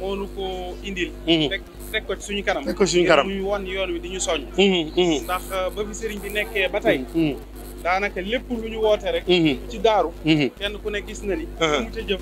moo nu ko indil. Mhm. fekk rek ko suñu kanam. fekk ko ci suñu kanam ñu won yoon wi di ñu soññ. Mhm, mhm. ndax euh, ba fi sëriñ bi nekkee ba tey. daanaka lépp lu ñu woote rek. ci daaru. kenn ku ne gis na ni. Uh-huh. mu ca jëf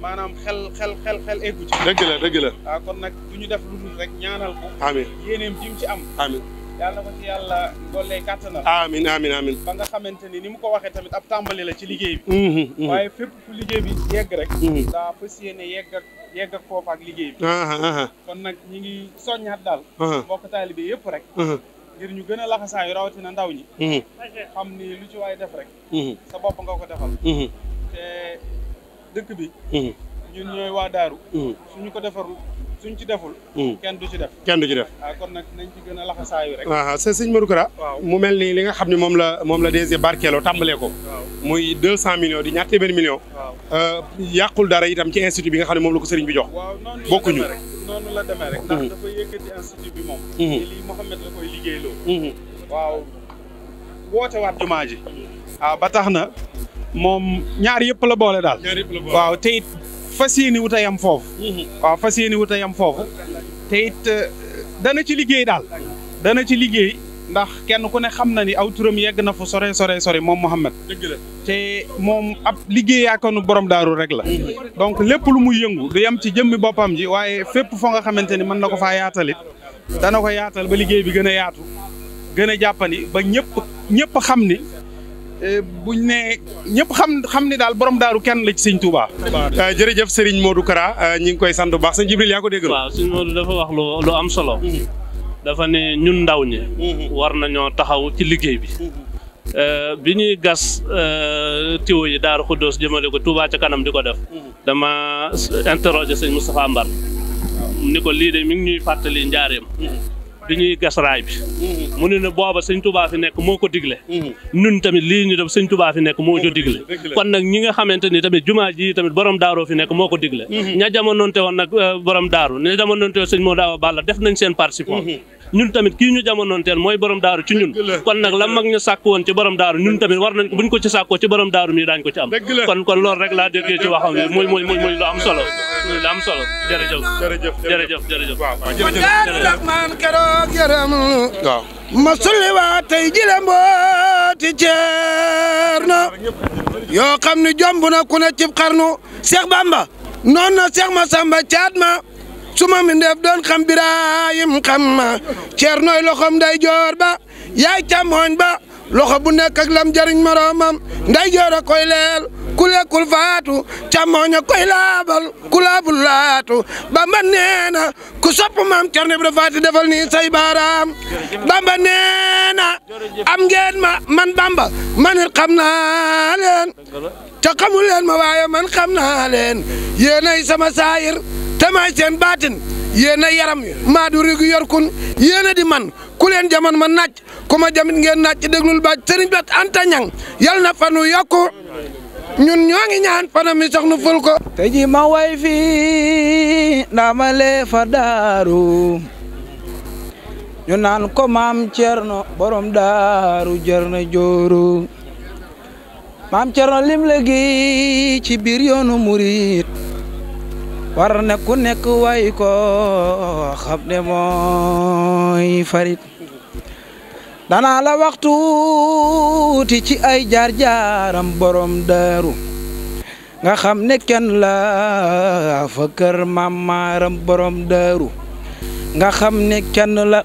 maanaam xel xel xel xel eggu ci. dëgg la dëgg la. waaw kon nag du ñu def lu dul rek ñaanal ko. amiin yéeneem jim ci am. amiin. yàlla na ko ci yàlla dollee kàttanal. amiin amiin amiin. ba nga xamante ni ni mu ko waxee tamit ab tàmbali la ci liggéey bi. Mm-hmm, mm-hmm. waaye fépp fu liggéey bi yegg rek. Mm-hmm. daa fas yéene yegg ak yegg ak foofu ak liggéey bi. kon nag ñi ngi soññaat daal. mbokk taalibe yëpp rek. ngir ñu gën a laxasaayu rawatina ndaw ñi. xam ni lu ci waay def rek. sa bopp nga ko defal. te dëkk bi. ñun ñooy waa daaru. suñu ko defarul suñ ci deful. Hmm. kenn du ci def kenn du ci def. waaw ah, a laxasaayu rek. Ah, ah, waaw sëñ Kara. mu mel ni li nga xam ne moom la moom la DG barkeeloo tàmbalee ko. muy deux cent millions di ñaar téeméeri euh, yàqul dara itam ci institut bi nga xam ne moom la ko sëriñ bi jox. bokkuñu noonu la demee rek hmm. hmm. waaw ba tax na moom ñaar yëpp la boole daal. waaw te fas yéene wut a yam foofu. Mhm. waaw fas yéene wut a yam foofu te it euh, dana ci liggéey daal dana ci liggéey. ndax kenn ku ne xam na ni aw turam yegg na fu sore sore sore moom Mouhamed. te moom ab liggéey yaakaanu borom daaru rek la. Mhm. donc lépp lu muy yëngu du yem ci jëmmi boppam ji waaye fépp fo nga xamante ni mën na ko fa yaatalit dana ko yaatal ba liggéey bi gën a yaatu gën a jàppandi ba ñëpp ñëpp xam ni. Eh, buñ ne ñëpp xam xam ni daal borom daaru kenn la ci sëñ Touba. Eh, jërëjëf Serigne Modou Kara eh, ñu ngi koy sant bu baax sëñ Jibril yaa ko dégg. waaw sëñ Modou dafa wax lu lu am solo. Mm-hmm. dafa ne ñun ndaw ñi. Mm-hmm. war nañoo taxaw ci liggéey bi. Mm-hmm. bi ñuy gas tiw yi Daaru Xuddoos jëmale ko Touba ca kanam di ko def. dama interroger sëñ Moustapha Mbar. ni ko lii de mi ngi ñuy fàttali njaareem. bi ñuy gas raay bi mm-hmm. mu ne ne booba sëñ tubaa fi nekk moo ko digle mm-hmm. nun tamit lii ñu def sëñ tubaa fi nekk moo ko digle kon nag ñi a xamante ni tamit jumaa ji tamit borom daaroo nekk moo ko digle mm-hmm. ña jamonoonte woon nag euh, borom daaru ña jamonoonte woon sëñ moo daawa balla def nañ seen participant ñun tamit kii ñu jamonoonteel mooy borom daaru ci ñun kon nag la mag ñu sàkk woon ci borom daaru ñun tamit war nañ buñ ko ci sàkkoo ci borom daaru mi daañ ko ci am kon kon loolu rek laa déggee ci waxam bi muy muy muy am solo muy lu am solo jërëjëf jërëjëf jërëjëf jërëjëf waaw ma sulli waa tey ji la mbooti ceerno yoo xam ne jomb na ku na cib xarnu Cheikh Bamba noonu na Cheikh Massamba caat ma suma mi ndef doon xam Birahim xam ma ceer nooy loxom nday joor ba yaay càmmooñ ba loxo bu nekk ak lam jariñ moroomam nday joor a koy leel ku lekkul faatu càmmooñ a koy laabal ku laabul laatu Bamba nee na ku sopp maam Cerno Ibra Faati defal nii say baaraam Bamba nee na am ngeen ma man Bamba man it xam naa leen te xamul leen ma waaye man xam naa leen yéenay sama saayir tamaay seen baatin yéen a yaram maa du rigu yorkun yéen di man ku leen jaman ma naaj ku jamit ngeen naaj ci baaj sëriñ bat anta ñang yal na fanu yokku ñun ñoo ngi ñaan fanam mi soxna ful ko te ji ma way ndaamale fa daaru ñu naan ko maam Cerno borom daaru jër na jooru maam Cerno lim la gi ci biir yoonu war na nekk way ko xam ne mooy farit danaa la waxtu tuuti ci ay jaar-jaaram borom daaru nga xam ne kenn la fa kër borom daaru nga xam ne kenn la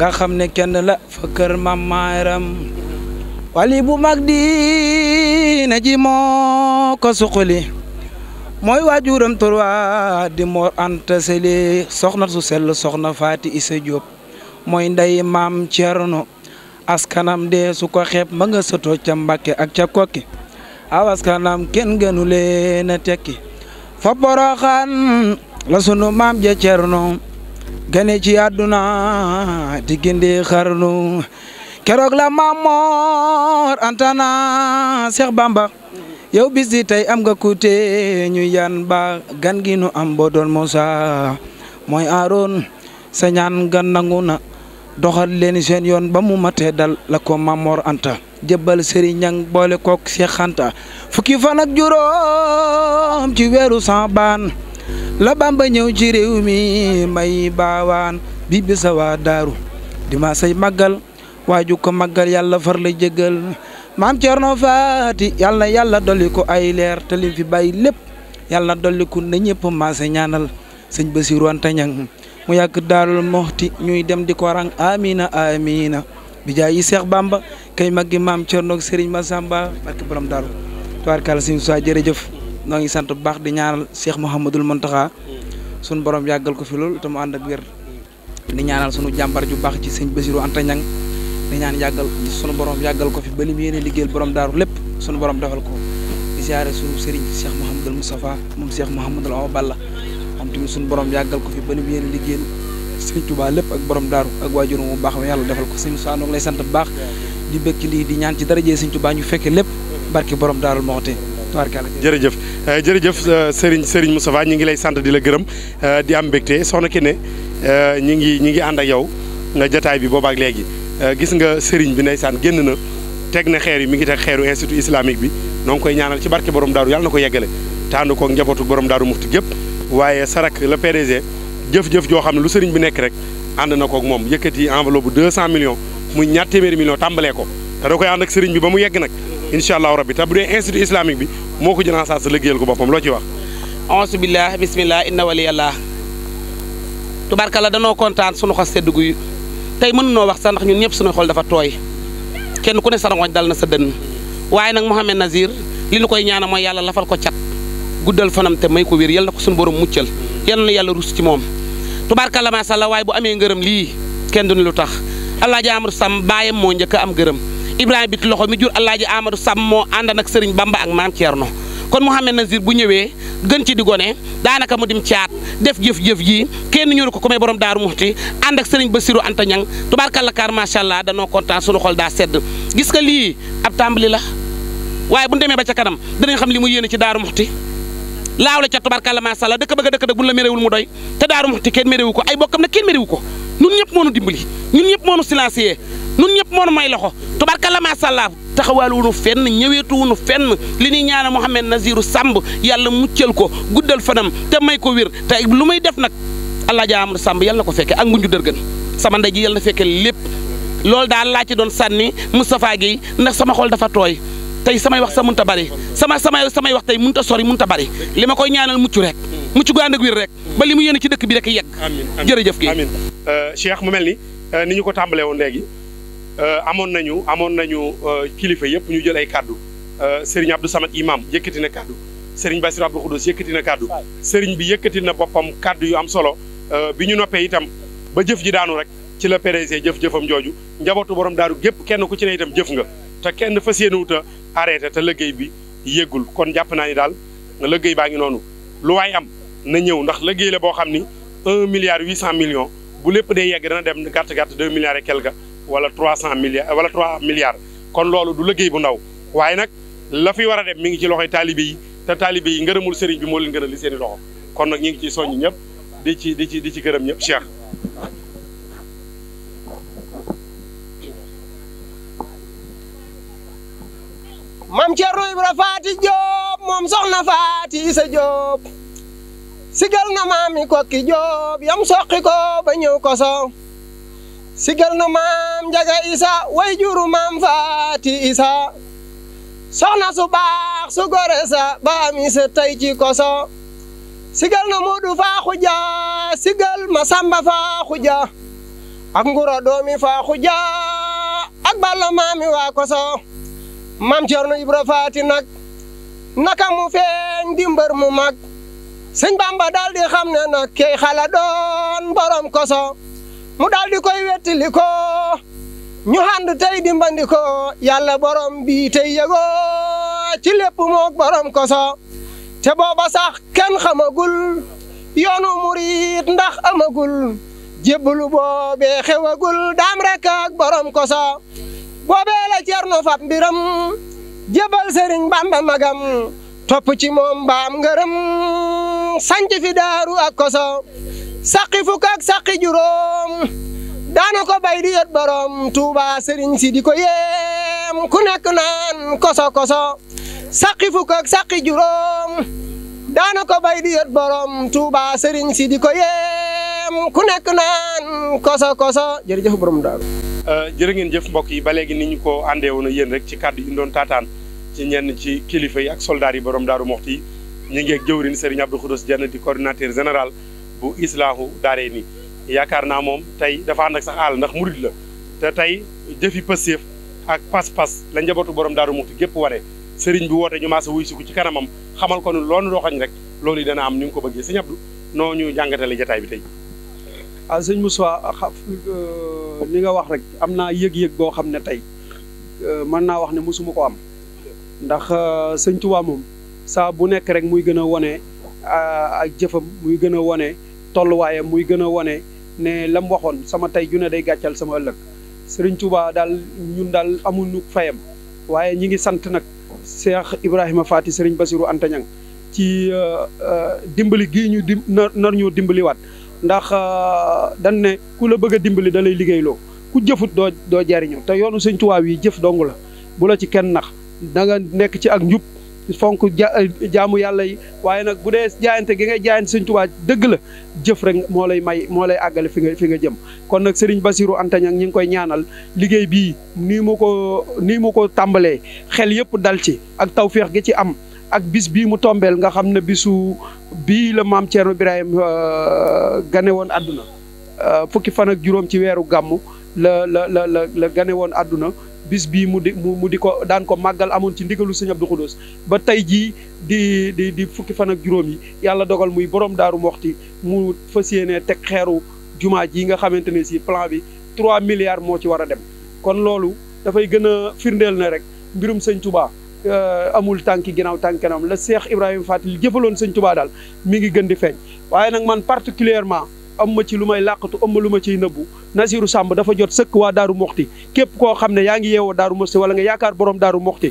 nga xam wali bu mag diina ji moo ko mooy waajuram turwa di Mor Anta Sali soxna su sell soxna Faati Isa Diop mooy ndey maam Thierno askanam de su ko xeeb ma ak ca Kokki aw askanam gënu leen a tekki fa boroxaan la sunu maam ja Thierno gane ci àdduna di gindi xarnu keroog la maam Mor Anta na Seex Bamba yow bis di tey am nga ku tee ñu yan ba gan gi nu am boo doon Moussa mooy Aaron sa ñaan gan nangu na doxal leen seen yoon ba mu matee dal la ko Mamor Anta jëbbal Serigne Ñang boole kook Cheikh fukki fan ak juróom ci weeru Saabaan la Bamba ñëw ci réew mi may baawaan bi bisa waa daaru di say màggal waaju ko màggal yàlla far la jëggal maam Thierno Faati yalla na yàlla ko ay leer te lim fi bay lepp yalla dolli ko ñepp ma se ñaanal señ basir Anta mu yak darul Moxti ñuy dem di ko rang amina amina bi jaay cheikh Bamba kay maggi mam Thierno ak Serigne Massamba barke borom Daaru tubaarkàlla sëñ Sousa jërëjëf no ngi sante bax di ñaanal Cheikh mohammedul Mountakha sun borom yagal ko fi loolu te mu ak wer di ñaanal sunu jambar ju bax ci señ basir Anta di ñaan yàggal sunu borom yàggal ko fi ba li liggéey borom daaru lépp sunu borom defal ko di siyaare sunu sëriñ Cheikh Mouhamadul Moustapha moom Cheikh Mouhamadul Awa Balla am tamit sunu borom yàggal ko fi ba li mu yéene liggéeyal sëriñ Touba lépp ak borom daaru ak waajur mu baax ma yàlla defal ko sëriñ Moussa noo lay sant bu baax di bëgg lii di ñaan ci darajee sëriñ Touba ñu fekke lépp barke borom daarul moxte jërëjëf eh, jërëjëf eh, Serigne Serigne Moustapha ñu ngi lay sant di la gërëm eh, di am mbégte soxna Kine ñi ngi ñi ngi ànd ak yow jataay bi boobaak léegi Euh, gis nga sëriñ bi ndeysaan génn na teg na xeer yi mi ngi teg xeeru institut islamique bi noo ngi koy ñaanal ci barke borom daaru yàlla na ko yeggale tànn ko njabootu borom daaru mufti gépp waaye sarak le PDG jëf-jëf xam ne lu sëriñ bi nekk rek ànd na ko moom yëkkati enveloppe bu 200 millions muy ñaar téeméeri millions tàmbalee ko te da koy ànd ak sëriñ bi ba mu yegg nag incha allahu rabbi te bu dee institut islamique bi moo ko jël en charge liggéeyal ko boppam loo ci wax aouzu billah bismillah inna waliyallah tubarkalla danoo kontaan sunu xos sedduguy tey mën wax sax ndax ñun ñëpp suñu xol dafa tooy kenn ku ne sa rongoñ dal na sa dënn waaye nag Mouhamed Nazir li ñu koy ñaana mooy yàlla lafal ko cat guddal fanam te may ko wér yàlla ko suñu borom muccal yal na yàlla rus ci moom tubaarkalla maa sha Allah waaye bu amee ngërëm lii kenn du duñu lu tax Alaaji Amadou Sam baayam moo njëkk am gërëm Ibrahima bit loxo mi jur Alaaji Amadou sàmm moo àndan ak Sëriñ Bamba ak maam no kon Mouhamed Nazir bu ñëwee gën ci di gone daanaka mu dim caat def jëf-jëf ji kenn ñëru ko ko may borom daaru muxti ànd ak sëriñ Basiru Anta Ñang tubaarkàlla kaar macha allah danoo kontaan sunu xol daa sedd gis nga lii ab tàmbali la waaye bu ñu demee ba ca kanam dinañ xam li mu yéene ci daaru muxti laaw la ca tubaarkàlla macha allah dëkk bëgg a dëkk nag bu ñu la méréwul mu doy te daaru muxti kenn méréwu ko ay bokkam nag kenn méréwu ko ñun ñëpp moonu dimbali ñun ñëpp moonu silencier nun ñëpp moo nu may loxo tubarkalla macha allah taxawaal wu nu fenn ñëweetu wu nu fenn li ñuy ñaanal Mouhamed Nazirou Samb yàlla muccal ko guddal fanam te may ko wér te lu may def nag allah jaa amul Samb yàlla na ko fekke ak ngunju dërgën sama ndey ji yàlla na fekke lépp loolu daal laa ci doon sànni Moustapha Guèye ndax sama xol dafa tooy tey samay wax sa munta bari sama samay wax tey munta sori munta bari li ma koy ñaanal mucc rek mucc gu ànd ak rek ba li mu yéene ci dëkk bi rek yegg. amiin amiin jërëjëf gi amiin euh, Cheikh mu mel ni euh, ni ñu ko tàmbalee woon léegi. Euh, amoon nañu amoon nañu euh, kilifa yëpp ñu jël ay kàddu euh, sëriñ Abdou Samad imam yëkkati na kàddu sëriñ Bassirou Abdou Khoudous yëkkati na kàddu sëriñ bi yëkkati na boppam kàddu yu am solo bi ñu noppee itam ba jëf ji daanu rek ci la PDG jëf-jëfam jooju njabootu borom daaru gépp kenn ku ci ne itam jëf nga te kenn fas yéene wut a te liggéey bi yëggul kon jàpp naa ni daal nga liggéey baa ngi noonu lu waaye am na ñëw ndax liggéey la boo xam ni un milliard huit cent millions bu lépp dee yegg dana dem gàtt gàtt deux milliards et wala trois cent milliards wala trois milliards kon loolu du liggéey bu ndaw waaye nag la fi war a dem mi ngi ci loxo taalibe yi te taalibe yi ngërëmul sëriñ bi moo leen gënal seeni seen loxo kon nag ñu ngi ciy soññ ñëpp di ci di ci di ci gërëm ñëpp Cheikh. maam Thierno Ibra Faati moom soxna Faati Isa Diop sigal na maami kokki Diop yam soqi ko ba ñëw ko so sigal nu maam njaga isa way juru maam faati isa soxna su baax su gore sa ba ami koso sigal nu muudu faa xuja ma samba faa ak nguro doomi faa ak balla maami waa koso maam Cerno Ibra faati nag naka mu feeñ di mu mag sëñ Bamba daal di xam ne nag key xala doon borom koso mu daal di koy wettili ko ñu ànd tey dimbandi ko yàlla borom bi tey yëgoo ci lépp moog borom koso te booba sax kenn xamagul yoonu murit ndax amagul jébbalu boobee xewagul daam rek borom koso boobee la Cerno fab mbiram jébal Sëriñ Bàmba magam topp ci moom baam ngërëm sanc fi daaru ak koso saqi fukk ak saqi juróom daana ko di yot borom Touba sëriñ si di ko yéem ku nekk naan koso koso saqi fukk ak saqi juróom daana ko di yot borom Touba sëriñ si di ko yéem ku nekk naan koso koso jërëjëf borom daaru euh, jërë ngeen jëf mbokk yi ba léegi ni ñu ko àndee woon yéen rek ci kàddu yi doon taataan ci ñenn ci kilifa yi ak soldaar borom daaru moxti yi ñu ngi ak jëwriñ Serigne Abdou Khoudous Diène di coordinateur général bu islaahu daaree nii yaakaar naa moom tey dafa ànd ak sax àll ndax murit la te tey jëfi pësséef ak pas-pas la njabootu borom daaru muxti gépp waree sëriñ bi woote ñu maasa wuy siku ci kanamam xamal ko ne loolu doxañ rek loolu yi dana am ni mu ko bëggee sëñ Abdou noo ñu jàngatale jataay bi tey ah sëñ Moussa euh, li nga wax rek am naa yëg-yëg boo xam ne tey euh, man naa wax ne mosuma ko am ndax euh, sëñ Tuubaa moom saa bu nekk rek muy gën a wone ak jëfam muy gën a wone tolluwaaye muy gën a wane ne lam waxoon sama tey ju ne day gàccal sama ëllëg Serigne Touba daal ñun daal amuñu fayam waaye ñi ngi sant nag Cheikh Ibrahima Fati Serigne Basirou Anta Niang ci euh, euh, dimbali gii ñu di nar ñoo dimbaliwaat ndax euh, dañ ne ku la bëgg a dimbali da lay liggéeyloo ku jëfut doo doo jariñu te yoonu Serigne Touba yi jëf dong la bu la ci kenn nax da nekk ci ak njub fonk eh, jaamu yàlla yi waaye nag bu dee jaayante gi ngay jaayante sëñ Tuubaa dëgg la jëf rek moo lay may moo lay àggale fi nga fi nga jëm kon nag Serigne Bassirou Anta Niang ñi ngi koy ñaanal liggéey bii nii mu ko nii mu ko tàmbalee xel yëpp dal ci ak tawféex gi ci am ak bis bii mu tombeel nga xam ne bisu bii la maam Thierno Ibrahim euh, gane woon àdduna euh, fukki fan ak juróom ci weeru gàmmu la la la la la gane woon àdduna bis bii mu di mu di ko daan ko màggal amoon ci ndigalu sëñ Abdou Khoudous ba tey jii di di di fukki fan ak juróom yi yàlla dogal muy borom daaru moxti mu fas yéene teg xeeru jumaa ji nga xamante ne si plan bi 3 milliards moo ci war a dem kon loolu dafay gën a firndeel ne rek mbirum sëñ Touba. Euh, amul tànki ginnaaw tànk kanam la Cheikh Ibrahima Fatil jëfaloon sëñ Touba daal mi ngi gën di feeñ waaye nag man particulièrement am ma ci lu may làqatu am ma lu ma ciy nëbbu Nasiru sàmb dafa jot sëkk waa Daaru Moxti képp koo xam ne yaa ngi yeewoo Daaru Moxti wala nga yaakaar borom Daaru Moxti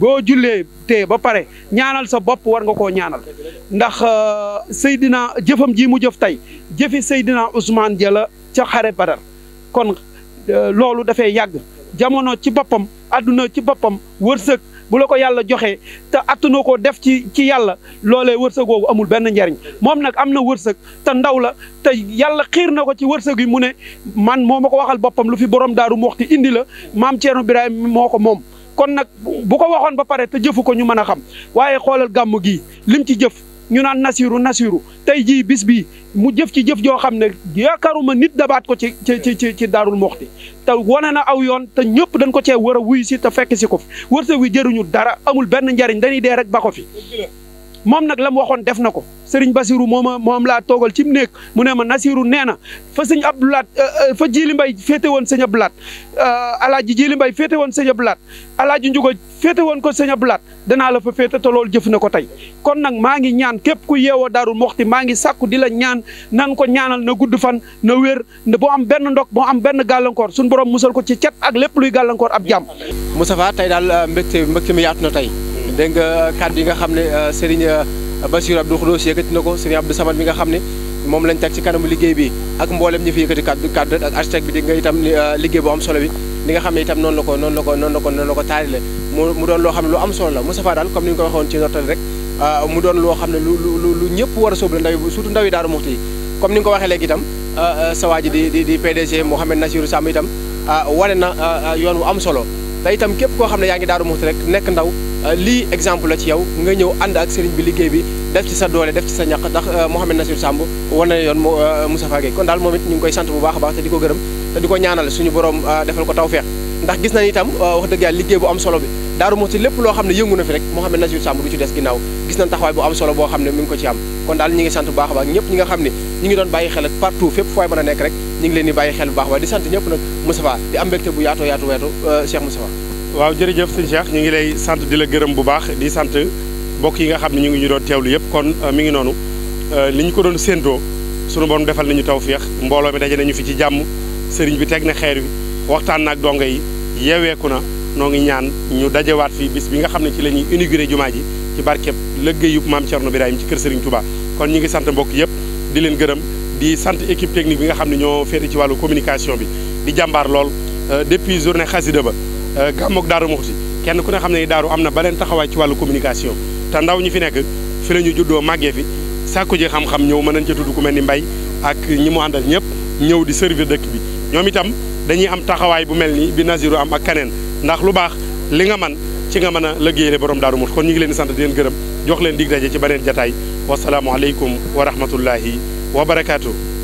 boo jullee te ba pare ñaanal sa bopp war nga koo ñaanal ndax euh, Seydina jëfam ji mu jëf tey jëfi Seydina Ousmane jala ca xare Badar kon euh, loolu dafay yàgg jamono ci boppam adduna ci boppam wërsëg bu la ko yàlla joxee te attanoo ko def ci ci yàlla loole wërsëg googu amul benn njariñ moom nag am na wërsëg te ndaw la te yàlla xiir na ko ci wërsëg yi mu ne man moo ma ko waxal boppam lu fi borom daaru mu waxti indi la maam Thierno Birahim moo ko moom kon nag bu ko waxoon ba pare te jëfu ko ñu mën a xam waaye xoolal gàmm gii lim ci jëf ñu naan Nasiru Nasiru tey jii bis bi mu jëf ci jëf joo xam ne yaakaaruma nit dabaat ko ci ci ci ci Daarul Muxti te wane na aw yoon te ñëpp dañ ko cee war a wuy si te fekk si ko fi wërsëg wi jëruñu dara amul benn njariñ dañuy dee rek ba ko fi moom nag la mu waxoon def na ko Serigne Bassirou mooma moom laa toogal ci mu nekk mu ne ma Nasirou nee na fa sëñ Abdoulaat euh, euh, fa Jili Mbay féete woon sëñ Abdoulaat euh, alaaji Jili Mbay féete woon sëñ Abdoulaat alaaji féete woon ko sëñ danaa la fa féete te loolu jëf na ko tey kon nag maa ngi ñaan képp ku yeewoo Daaru Muxti maa ngi sàkku di la ñaan nan ko ñaanal na gudd fan na wér boo am benn ndok boo am benn gàllankoor suñu borom musal ko ci cet ak lépp luy gàllankoor ab jàmm Moustapha tey daal mbégte mbégte mi yaatu tey dégg nga kàddu yi nga xam ne euh, Serigne euh, Bassirou Abdou Khoudoss yëkkati na ko Serigne Abdou mi nga xam ne moom lañ teg ci kanamu liggéey bi ak mboolem ñi fi yëkkati kàddu kàddu ak architecte bi dégg nga itam euh, liggéey bu am solo bi li nga xam ne itam noonu la ko noonu la ko noonu la ko noonu la ko xam ne lu am solo la Moustapha daal comme ni ñu ko waxoon ne lu lu lu ñëpp war a sóobu la ndaw ndaw yi Daaru Muxti comme ni nga ko waxee léegi itam sa waa ji di di di PDG Mouhamed Nassirou Samb na yoon wu am solo te itam képp koo xam ne yaa ngi Daaru Muxti rek nekk ndaw Euh, lii exemple la ci yow nga ñëw ànd ak sëriñ bi liggéey bi def ci sa doole def ci sa ñaq ndax euh, Mouhamed Nassir Samb wan na yoon euh, Moustapha Gueye kon daal moom it ñu ngi koy sant bu baax a baax ko gërëm suñu borom defal ko ndax gis nañ itam wax dëgg yàlla liggéey bu am daaru moo ci lépp loo xam ne yëngu na fi rek Mouhamed Nassir Samb ci des ginnaaw gis nañ taxawaay bu am solo boo xam ne mi ko ci am kon daal ñi ngi sant bu baax a baax ñëpp ñi nga xam ne ñi ngi doon bàyyi xel partout fépp fooy mën a nekk rek ñi ngi leen di bàyyi xel bu baax a baax di sant ñëpp nag Moustapha di am mbégte bu yaatoo yaatu weetu Cheikh Moustapha waaw jërëjëf sëñ Cheikh ñu ngi lay sant di la gërëm bu baax di sant mbokk yi nga xam ne ñu ngi ñu doon teewlu yëpp kon euh, mi ngi noonu li euh, ko doon séentoo sunu borom defal nañu tawféex mbooloo mi daje nañu fi ci jàmm sëriñ bi teg na xeer wi waxtaan naag donga yi yeeweeku na noo ngi ñaan ñu dajewaat fii bis bi nga xam ne ci la ñuy inauguré jumaa ci barkeb liggéeyub maam Thierno Birahim ci kër sëriñ Touba kon ñu ngi sant mbokk yëpp di leen gërëm di sant équipe technique bi nga xam ne ñoo féete ci wàllu communication bi di jàmbaar lool euh, depuis journée xasida ba Euh, gàmmoog daaru Muxti kenn ku ne xam ne ni daaru am na beneen taxawaay ci wàllu communication te ndaw ñi fi nekk fi la ñu juddoo màggee fi sàkku ji xam-xam ñëw mën nañ ca tudd ku mel ni mbay ak ñi mu àndal ñëpp ñëw di servir dëkk bi ñoom itam dañuy am taxawaay bu mel ni bi Naziru am ak keneen ndax lu baax li nga man ci nga mën a liggéeyale borom daaru Muxti kon ñu ngi leen sant di leen gërëm jox leen dig daje ci beneen jataay wasalaamualeykum wa rahmatullahi wa barakaatu.